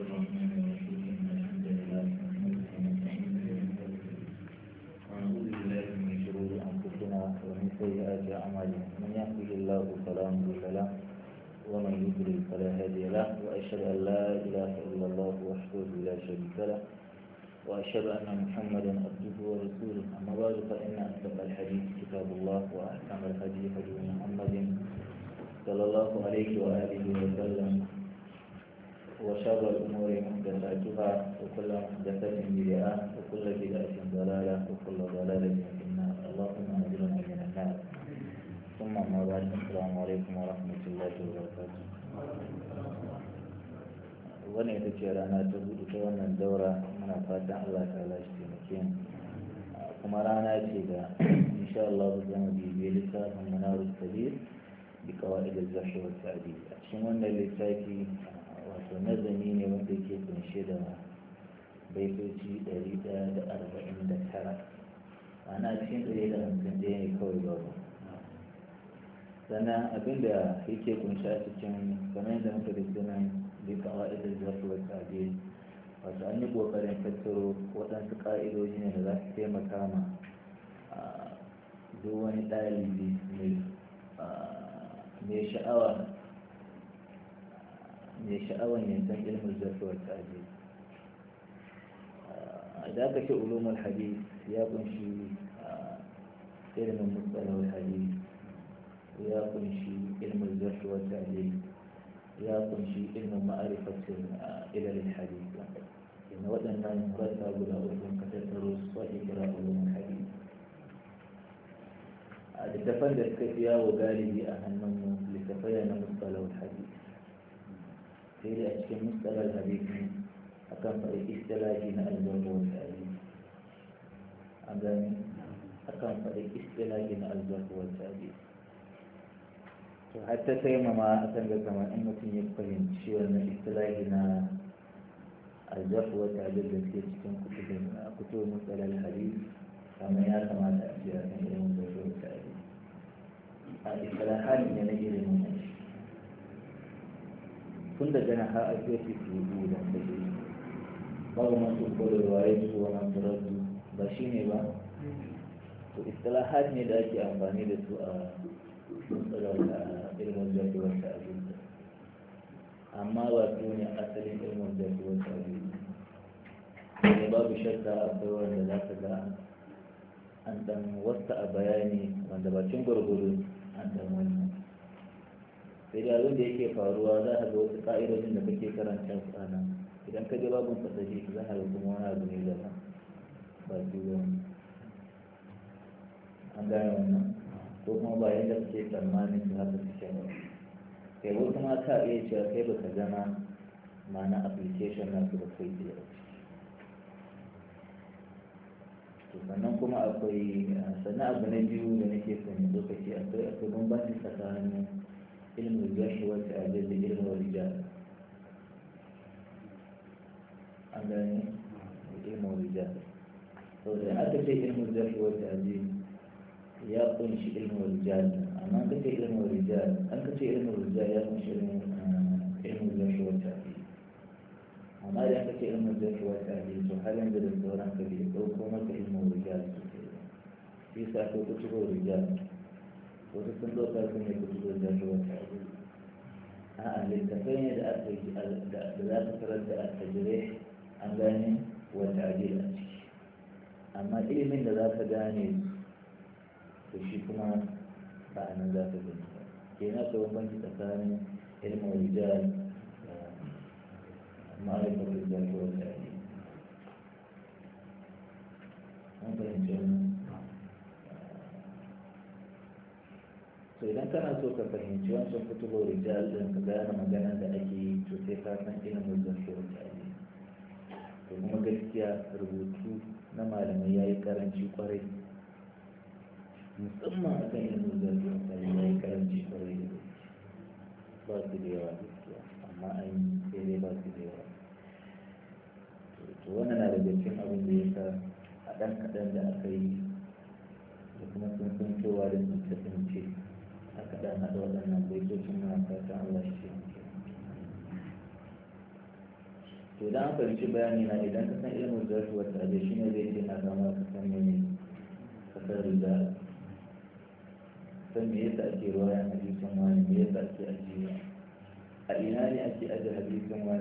الرحمن الرحيم الحمد لله ونعوذ بالله من شرور انفسنا ومن سيئات اعمالنا من يهده الله فلا مضل له ومن يضلل فلا هادي له واشهد ان لا اله الا الله وحده لا شريك له وأشهد أن محمدا عبده ورسوله أما بعد فإن أصدق الحديث كتاب الله وأحكم الحديث هدي محمد صلى الله عليه وآله وسلم وشر الأمور محدثاتها وكل محدثة بدعة وكل بدعة ضلالة وكل ضلالة في النار اللهم أجرنا من النار ثم أما بعد السلام عليكم ورحمة الله وبركاته wani ita ce rana ta hudu ta wannan daura muna fatan Allah ta lashe taimake kuma rana ce da insha Allah za mu bibiye littafin manarus kabir bi qawaid al-zahir wa ta'dil shin wannan littafi wato nazami ne wanda ke kunshe da baitoci 149 ana cikin da 151 ne kawai babu sannan abinda yake kunshe a cikin kamar yadda muka da kawo bi kawa'idar zafi wa tsabe wato an yi ƙoƙarin tattaro waɗansu ƙa'idoji ne da za su taimaka ma duk wani ɗalibi mai sha'awa mai sha'awar ya san ilmul jarhi wa ta'dil idan aka ce ulumul hadith ya kunshi ilmin mustalahul hadith ya kunshi ilmul jarhi wa ta'dil ya kunshi ilmin ma'arifatin ilalil hadith inda waɗannan rasa guda uku ka tattaro su wa ikra ulumul hadith a littafan da suka fi yawo galibi a hannun littafai sai dai a cikin matsalar hadisi akan faɗi istilahi na albarko wasu ayi an gani akan faɗi istilahi na albarko wasu ayi to har ta sai mama akan ga kamar in mutum ya fahimci wannan istilahi na albarko wasu ayi da suke cikin kutubin kutubin matsalar hadisi kamar ya kamata a ce a kan irin wasu ayi a istilahan ne na ilimin tun daga ha har ake fi tudu da kaje babu masu korewa ya su wannan turabu ba shi ne ba to istilahat ne da ake amfani da su a matsalar da ilmin zafi wata abinda amma ba su ne asalin ilmin zafi wata abinda ne babu shakka akwai wanda za ka ga an dan wasta a bayani wanda ba bakin gwargwado an dan wannan sai da abin da yake faruwa za a ga wasu ka'idojin da kake karanta su idan ka je babin fasahi za a ga kuma wani abu ne da ba su ba an gane wannan ko kuma ba yadda kake tsammanin su haka shi ba kai wasu ma ka iya cewa kai baka zama na application na su ba kai da sannan kuma akwai sannan abu na biyu da nake son lokaci akwai akwai bambanci tsakanin والتابعين والرجال an gani ilmin rijal saboda aka ce ya kunshi ilmin rijal amma ka ce ilmin rijal an ka ce ilmin rijal ya kunshi ilmin eh, rijal wata taji amma da aka ce ilmin rijal wata taji to har yanzu da sauran ka bai ɗauko maka ilmin rijal su ke sa ko kutubo wasu sun ɗauka su ne kutubo rijal ko الكفين الدلالة رد التجريح أمداني والتعديل أما إلي من دلالة داني تشيكما بعد من ذات الدنيا كينا توقفين تتساني إلي موجزال آه، معرفة idan kana so ka fahimci wancan fitowar rijal din ka gane magana da ake yi to sai ka san irin wajen shi wata ne to kuma gaskiya rubutu na malamai ya yi karanci kwarai musamman a kan irin wajen shi wata ne ya yi karanci kwarai da ba su da yawa gaskiya amma an yi sai dai ba su da yawa to wannan na daga cikin abin da ya sa a ɗan kaɗan da aka yi da kuma sun san cewa da sun ce. aka dan haɗa waɗannan baitocin na fata Allah shi to idan an fahimci bayani na idan ka san ilimin zarafi wata abe shi ne zai ce na kama ka san mene ka san riga san me yasa ake ruwayan hadisin wani me yasa ake ajiyewa a ina ne ake ajiye hadisin wani